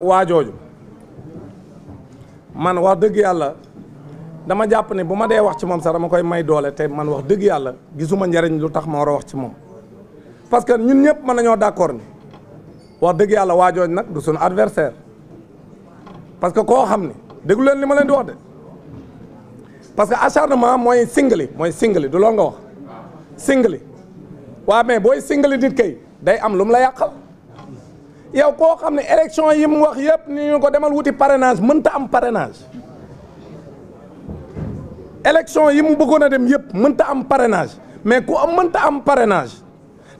waa jooju man wax dëgg yàlla dama jàpp ne bu ma dee wax ci moom sax dama koy may doole te man wax dëgg yàlla gisuma njariñ lu tax ma war a wax ci moom parce que ñun ñëpp mën nañoo d'accord ni wax dëgg yàlla waa nag du suñu adversaire parce que koo xam ne déglu leen li ma leen di wax de parce que acharnement mooy singli mooy singli du loolu nga wax singli waa mais booy singli nit kay day am lu mu la yàqal yow koo xam ne élection yi mu wax yëpp ni ñu ko demal wuti parrainage mënta am parrainage élection yi mu bëggoon a dem yëpp mënta am parenage mais ku am mënta am parenage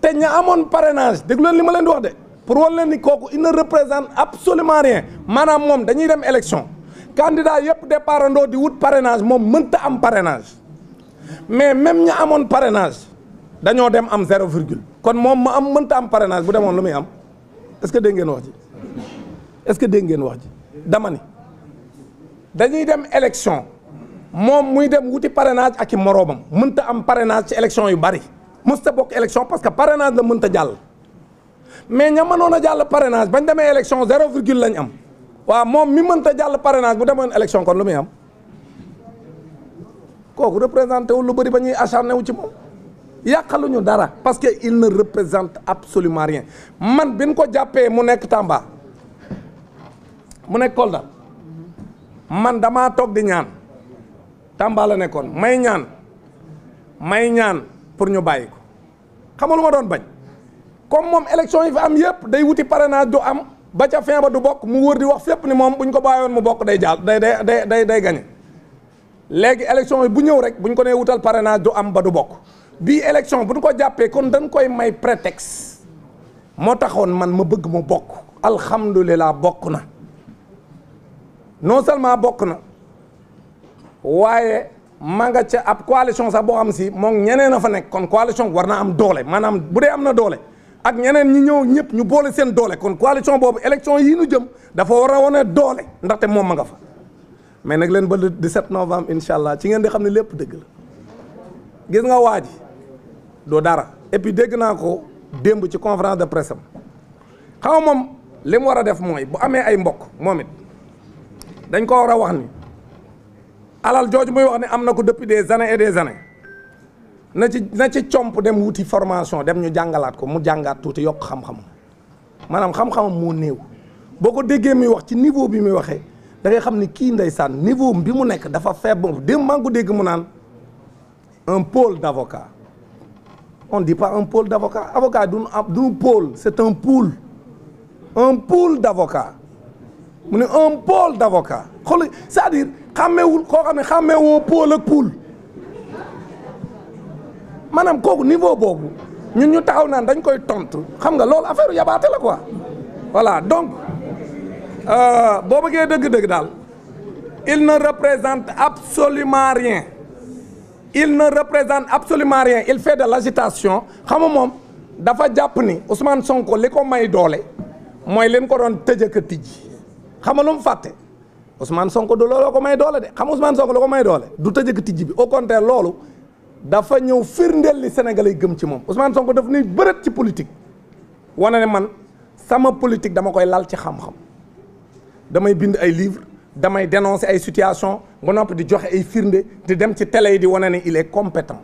te ña amoon parenage déglu li ma leen di wax de pour wan leen di kooku il représente absolument rien maanaam moom dañuy dem élection candidat yëpp départandoo di wut parrainage moom mënta am parrainage mais même ña amoon parrainage dañoo dem am zéro virgule kon moom mu am mënta am parrainage bu demoon lu muy am est-ce que dégg ngeen wax ji est-ce que dégg ngeen wax ji dama ne dañuy dem élection moom muy dem wuti parrainage ak i moroomam mënta am parrainage ci élection yu bari mësta bokk élection parce que parrainage la mënta jàll mais ña mënoon a jàll parenage bañ demee élection zéro virgule lañ am waaw moom mi mënta jàll parrainage bu demoon élection kon lu muy am kooku représenté wu lu bëri ba ñuy acharné wu ci moom yàqaluñu dara parce que il ne représente absolument rien man bi ñu ko jàppee mu nekk Tamba mu nekk Kolda man damaa toog di ñaan Tamba la nekkoon may ñaan may ñaan pour ñu bàyyi ko xam nga lu ma doon bañ comme moom élection yi fi am yëpp day wuti parrainage du am ba ca fin ba du bokk mu wër di wax fépp ni moom bu ñu ko bàyyoon mu bokk day jaal day day day day day gañe léegi élection yi bu ñëw rek bu ñu ko nee wutal parrainage du am ba du bokk. bii élection bu ñu ko jàppee kon dañ koy may prétexte moo taxoon man ma bëgg mu bokk alhamdulilah bokk na non seulement bokk na waaye ma nga ca ab coalition sax boo xam si moom ñeneen a fa nekk kon coalition war naa am doole maanaam bu dee am na doole ak ñeneen ñi ñëw ñëpp ñu boole seen doole kon coalition boobu élection yii nu jëm dafa war a wane doole ndaxte moom ma nga fa mais nag leen ba le 17 novembre incha allah ci ngeen di xam ne lépp dëgg la ji doo dara et puis dégg naa ko démb ci conférence de presse am xaw moom li mu war a def mooy bu amee ay mbokk moom it dañ ko war a wax ni alal jooju muy wax ne am na ko depuis des années et des années na ci na ci comp dem wuti formation dem ñu jàngalaat ko mu jàngaat tuuti yokk xam-xam maanaam xam-xamam moo néew boo ko déggee muy wax ci niveau bi muy waxee dangay xam ni kii ndeysaan niveau bi mu nekk dafa faible démb maa ngi ko dégg mu naan un pôle d'avocat on di dit pas un pôle d'avocats avocat du nu pôle c'est un pool un pool d'avocats mu ne un pôle d'avocats xool c'est-à-dire xàmmewul koo xam ne xàmmewoo pôle ak pool maanaam kooku niveau boobu ñun ñu taxaw naan dañ koy tontu xam nga loolu affaire yabaate la ko voilà donc euh, boo bëggee dëgg-dëgg daal il ne représente absolument rien il ne représente absolument rien il fait de l'agitation xam nga moom dafa jàpp ni Ousmane Sonko li ko may doole mooy leen ko doon tëj ak tijj xam nga lu fàtte Ousmane Sonko du looloo ko may doole de xam Ousmane Sonko la ko may doole du tëj ak tijj bi au contraire loolu dafa ñëw firndeel li Sénégalais yi gëm ci moom Ousmane Sonko daf nuy bërët ci politique wane ne man sama politique dama koy lal ci xam-xam damay bind ay livres damay dénoncer ay situation ba noppi di joxe ay firnde di dem ci télé yi di wane ne il est compétent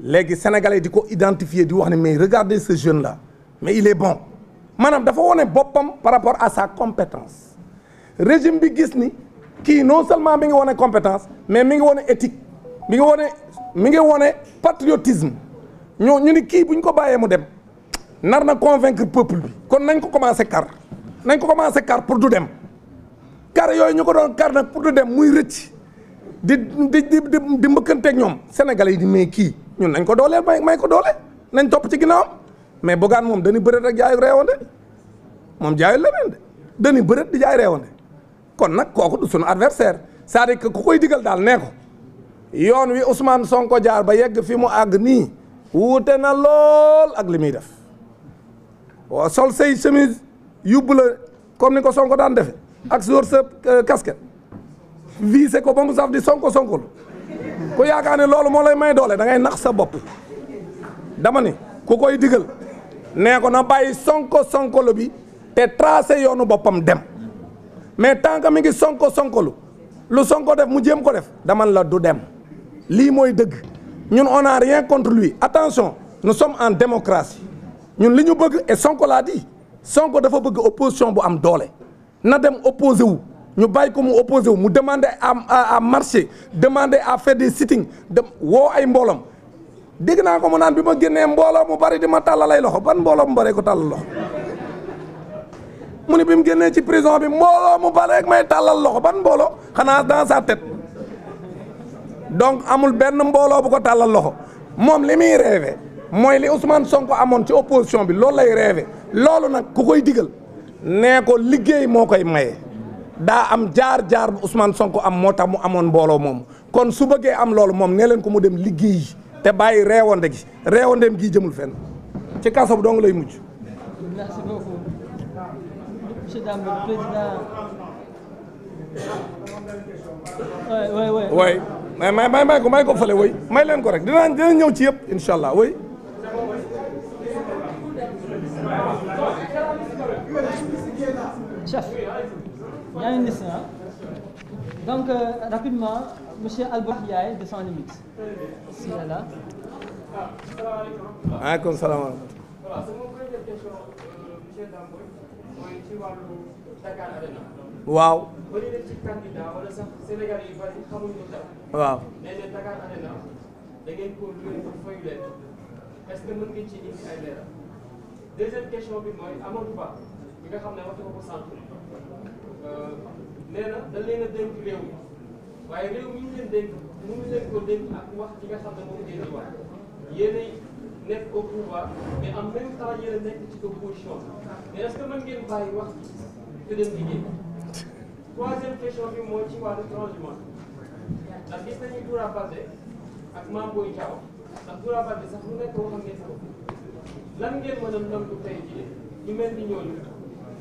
léegi sénégalais di ko identifier di wax ne mais regardez ce jeune la mais il est bon maanaam dafa wane boppam par rapport à sa compétence le régime bi gis ni kii non seulement mi ngi wane compétence mais mi ngi wane éthique mi ngi wane mi ngi wane patriotisme ñoo ñu ni kii buñ ko bàyyee mu dem nar na convaincre peuple bi kon nañ ko commencé kar nañ ko commencé kar pour du dem kar yooyu ñu ko doon kar nag pour du dem muy rëcc di di di di mbëkkanteeg ñoom sénégalais yi di may kii ñun nañ ko dooleel may may ko doole nañ topp ci ginnaawam mais Bougane moom dañu bëreet rek jaayu reewande moom jaayu leneen de dañu bëreet di jaay reewande kon nag kooku du sunu adversaire cest à que ku koy digal daal nee ko yoon wi Ousmane Sonko jaar ba yegg fi mu àgg nii wuute na lool ak li muy def waaw sol say chemise yóbbu la comme ni ko Sonko daan defe ak sóor sa euh, casquette visé ko ba mu saf di sonko sonkul ku yaakaar ne loolu moo lay may doole dangay nax sa bopp dama ku koy digal nee ko na bàyyi sonko sonkolu bi te tracé yoonu boppam dem mais tant que mi ngi sonko sonkolu lu sonko def mu jéem ko def dama la du dem lii mooy dëgg ñun on a rien contre lui attention nous som en démocratie ñun li ñu bëgg et sonko laa di sonko dafa bëgg opposition bu am doole na dem opposé wu ñu bàyyi ko mu opposé wu mu demander à à marcher demander à faire des sitting dem woo ay mboolam dégg naa ko mu naan bi ma génnee mbooloo mu bari di ma tàllalay loxo ban mbooloo mu baree ko tàllal loxo mu ne bi mu génnee ci prison bi mbooloo mu baree may tàllal loxo ban mbooloo xanaa dans sa donc amul benn mbooloo bu ko tàllal loxo moom li muy rêvé mooy li Ousmane Sonko amoon ci opposition bi loolu lay rêvé loolu nag ku koy digal. nee ko liggéey moo koy maye daa am jaar-jaar bu Sonko am moo tax mu amoon mbooloo moom kon su bëggee am loolu moom nee leen ko mu dem liggéeyi te bàyyi reewande gi reewandeem gi jëmul fen ci kaso bu dong lay mujj. merci beaucoup monsieur may may ko may ko fële woy may leen ko rek dinaa dina ñëw ci yëpp incha allah chef. Il y a un lycéen. Donc, euh, rapidement, M. Albert Yaye de Sans Limite. S'il est là. Alaykoum salam. Voilà, c'est mon première question, euh, M. Damboy. mooy ci wàllu Dakar Arena. waaw. bëri na ci candidat wala sax Sénégal yu bari xamuñu ko dara. waaw nee na Dakar Arena da ngeen ko loué pour fayu leen est-ce que mën nga ci indi ay leeral. deuxième question bi mooy Amadou Ba. bi nga xam ne ko sànq nee na dañ leen a dénk réew mi waaye réew mi ñu leen dénk mënu leen ko dénk ak wax ci nga xam ne moom a nekk au pouvoir mais en même temps a nekk ci opposition mais est ce que mën ngeen bàyyi wax te dem liggéey bi mooy ci wàllu changement ndax gis nañu Doura Baldé ak Mame Boye Diao ndax Doura Baldé sax mu nekk wax ngeen ko lan ngeen mën a nangu tey jii ñu mel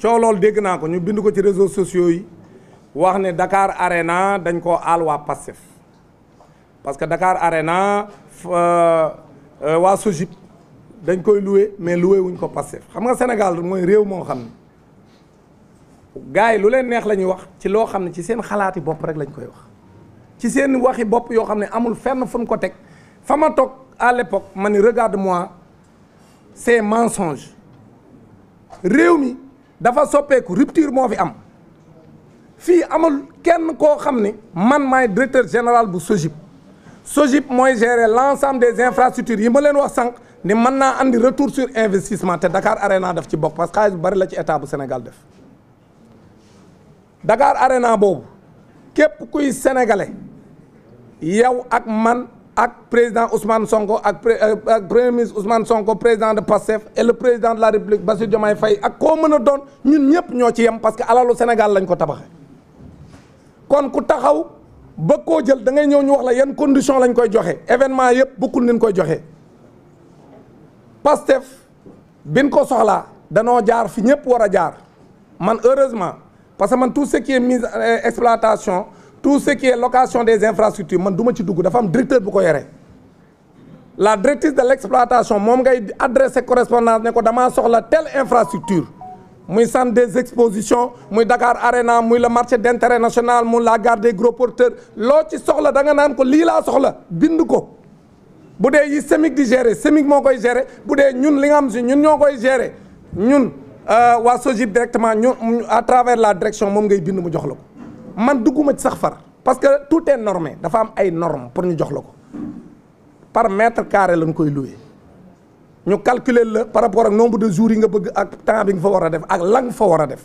coow loolu dégg naa ko ñu bind ko ci réseaux sociaux yi wax ne Dakar Arena dañ koo aal waa Pastef parce que Dakar Arena euh, euh, waa Sojib dañ koy loué mais loué wuñ ko Pastef xam nga Sénégal mooy réew moo xam ne gars yi lu leen neex la ñuy wax ci loo xam ne ci seen xalaati bopp rek lañ koy wax ci seen waxi bopp yoo xam ne amul fenn fu ñu ko teg fa ma toog à l'époque ma ni regarde moi ces mensonges réew mi. dafa soppeeku rupture moo fi am fii amul kenn koo xam ni man maay directeur général bu SOGIP SOGIP mooy gérer l'ensemble des infrastructures yi ma leen wax sànq ni mën naa andi retour sur investissement te Dakar Arena daf ci bokk parce que xaalis bu bari la ci état bu Sénégal def Dakar Arena boobu képp kuy sénégalais yow ak man. ak président Ousmane Sonko ak euh, ak premier ministre Ousmane Sonko président de PASTEF et le président de la République Bassirou Diomaye fay ak koo mën a doon ñun ñëpp ñoo ci yem parce que alalu Sénégal lañ ko tabaxee kon ku taxaw ba koo jël da ngay ñëw ñu wax la yan condition lañ koy joxe événement yëpp bokkul nañ koy joxe PASTEF biñ ko soxlaa danoo jaar fi ñëpp war a jaar man heureusement parce que man tout ce qui est mise euh, exploitation. tout ce qui est location des infrastructures man du ci dugg dafa am directeur bu ko yore la directrice de lexploitation moom ngay adressé correspondance ne ko damaa soxla telle infrastructure muy centre des expositions muy Dakar Arena muy le marché d' intérêt national mu la gare des gros porteurs loo ci soxla da nga naan ko lii la soxla bindu ko bu dee yi SEMIC di gérer SEMIC moo koy gérer bu dee ñun li nga xam si ñun ñoo koy gérer ñun euh, waa SOGIP directement ñu à travers la direction moom ngay bind mu jox la ko. man dugguma sax far parce que tout est normé dafa am ay normes pour ñu jox la ko par mètre carré lañ koy loué ñu calculer la par rapport ak nombre de jour yi nga bëgg ak temps bi nga fa war a def ak lang nga fa war a def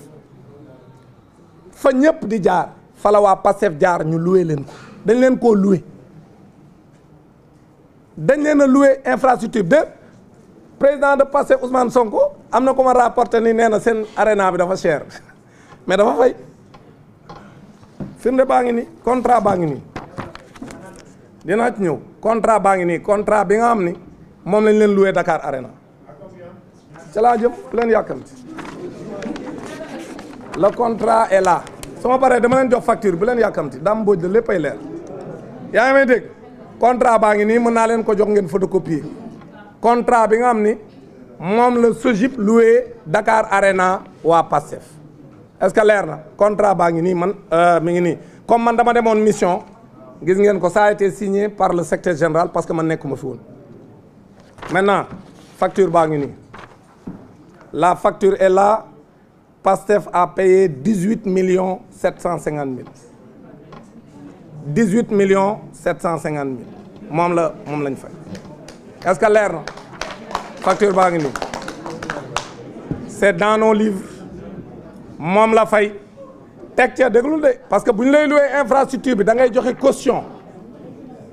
fa ñëpp di jaar fa la waa Pastef jaar ñu loué leen ko dañ leen koo loué dañ leen a loué infrastructure de président de Pastef Ousmane Sonko am na ko ma rapporté ni nee na seen aréna bi dafa cher mais dafa fay. firnde baa ngi ni contrat baa ngi nii dinaa ñëw contrat baa ngi nii contrat bi nga xam ni moom lañ leen loué Dakar Arena ca laa jëm bu leen yàkkamti la contrat est la soma paree dama leen jox facture bu leen yàkkamti daam mbooj la ay leer yaa ngi dégg contrat baa ngi nii mën naa leen ko jox ngeen photocopier contrat bi nga xam ni moom la Sojib loué Dakar Arena waa Pastef est-ce que leer na contrat baa ngi nii man euh, mi ngi nii comme man dama demoon mission gis ngeen ko ça a été signé par le secrétaire général parce que man nekkuma fi woon maintenant facture baa ngi nii la facture est là PASTEF a payé dix-huit million sept cent cinquante mille dix-huit million sept cent cinquante mille moom la moom lañ fay est-ce que leer na facture baa ngi nii c'est dans nos livres moom la fay teg ca déglul de parce que bu ñu lay loué infrastructure bi da ngay joxe caution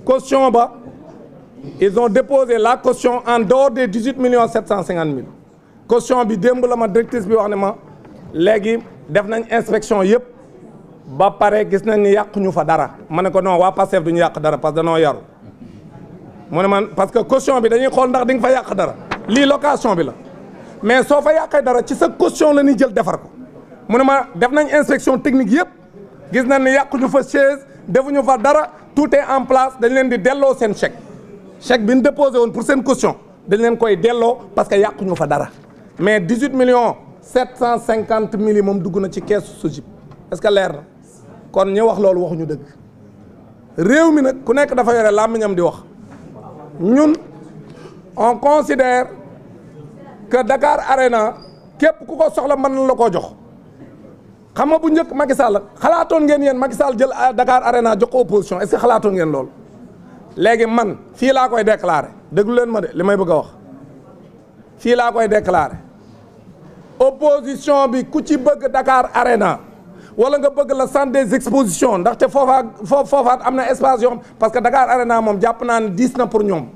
costion ba ils ont déposé la costion en dehors des dix huit millions sept cent cinquante mille costion bi démb la ma directrice bi wax ne ma léegi def nañ inspection yëpp ba pare gis nañ ni yàqu ñu fa dara ma ne ko non waa Pastef du ñu yàq dara parce que danoo yaru mu ne man parce que costion bi dañuy xool ndax di nga fa yàq dara lii location bi la mais soo fa yàqee dara ci sa caution la ñuy jël defar ko. mu ne ma def nañ inspection technique yëpp gis nañ ne yàquñu fa chaise defuñu fa dara tout est en place dañ leen di delloo seen chèque chèque bi ñu déposé woon pour seen caution dañ leen koy delloo parce que yàquñu fa dara mais 18 millions 750 mille moom dugg na ci keesu SOGIP est-ce que leer na kon ñi wax loolu waxuñu dëgg réew mi nag ku nekk dafa yore làmmiñam di wax ñun on considère que Dakar Arena képp ku ko soxla mën na la koo jox. xam nga bu njëkk Macky Sall xalaatoon ngeen yéen Macky Sall jël euh, Dakar Arena jox ko opposition est-ce que xalaatoon ngeen loolu léegi man fii laa koy déclaré déglu leen ma de li may bëgg a wax fii laa koy déclaré opposition bi ku ci bëgg dakaar Arena wala nga bëgg la centre des expositions ndaxte foofaa foo foofaat am na espace yoo parce que Dakar Arena moom jàpp naa ne diis na pour ñoom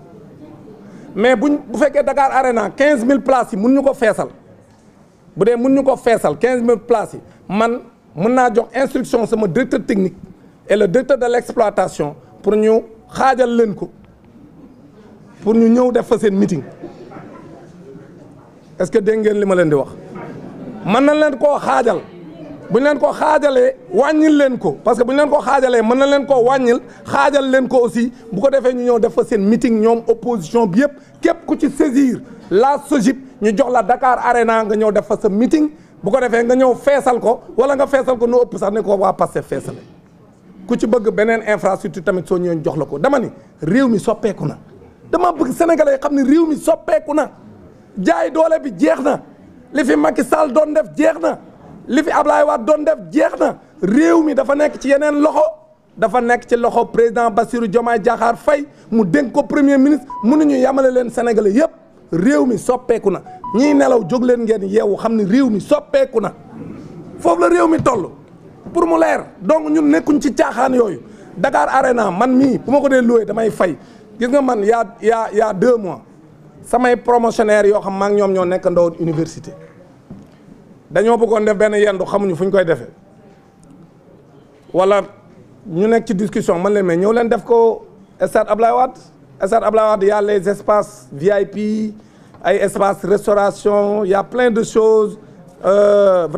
mais buñ bu fekkee Dakar Arena mille place yi mun ñu ko feesal bu dee mun ñu ko feesal 15000 places yi. man mën naa jox instruction sama directeur technique et le directeur de l'exploitation pour ñu xaajal leen ko pour ñu ñëw def fa seen meeting est-ce que dégg ngeen li ma leen di wax mën na leen koo xaajal bu ñu leen ko xaajalee wàññil leen ko parce que bu ñu leen ko xaajalee mën na leen koo wàññil xaajal leen ko aussi bu ko defee ñu ñëw def fa seen meeting ñoom opposition bi yëpp képp ku ci saisir la SOGIP ñu jox la dakaar Dakar naa nga ñëw def fa sa bu ko defee nga ñëw feesal ko wala nga feesal ko nu ëpp sax ne ko waa Pastef feesale ku ci bëgg beneen infrastructure tamit soo ñëwee jox la ko dama ni réew mi soppeeku na dama bëgg sénégalais yi xam ne réew mi soppeeku na jaay doole bi jeex na li fi Macky Sall doon def jeex na li fi ab Ablaye Wade doon def jeex na réew mi dafa nekk ci yeneen loxo dafa nekk ci loxo président Bassirou Diomaye Diakhar fay mu dénk ko premier ministre mënuñu yamale leen sénégalais yëpp réew mi soppeeku na ñiy nelaw jóg leen ngeen yeewu xam ne réew mi soppeeku na foofu la réew mi toll pour mu leer donc ñun nekkuñ ci caaxaan yooyu Dakar Arena man mii bu ma ko dee loué damay fay gis nga man yaa yaa yaa deux mois samay promotionnaire yoo xam maa ñoom ñoo nekk ndaw université dañoo bëggoon def benn yendu xamuñu fu ñu koy defee wala ñu nekk ci discussion man leen mais ñëw leen def ko stade Ablaye Wade stade Abdoulaye Wade y a les espaces VIP ay espace restauration y a plein de choses euh,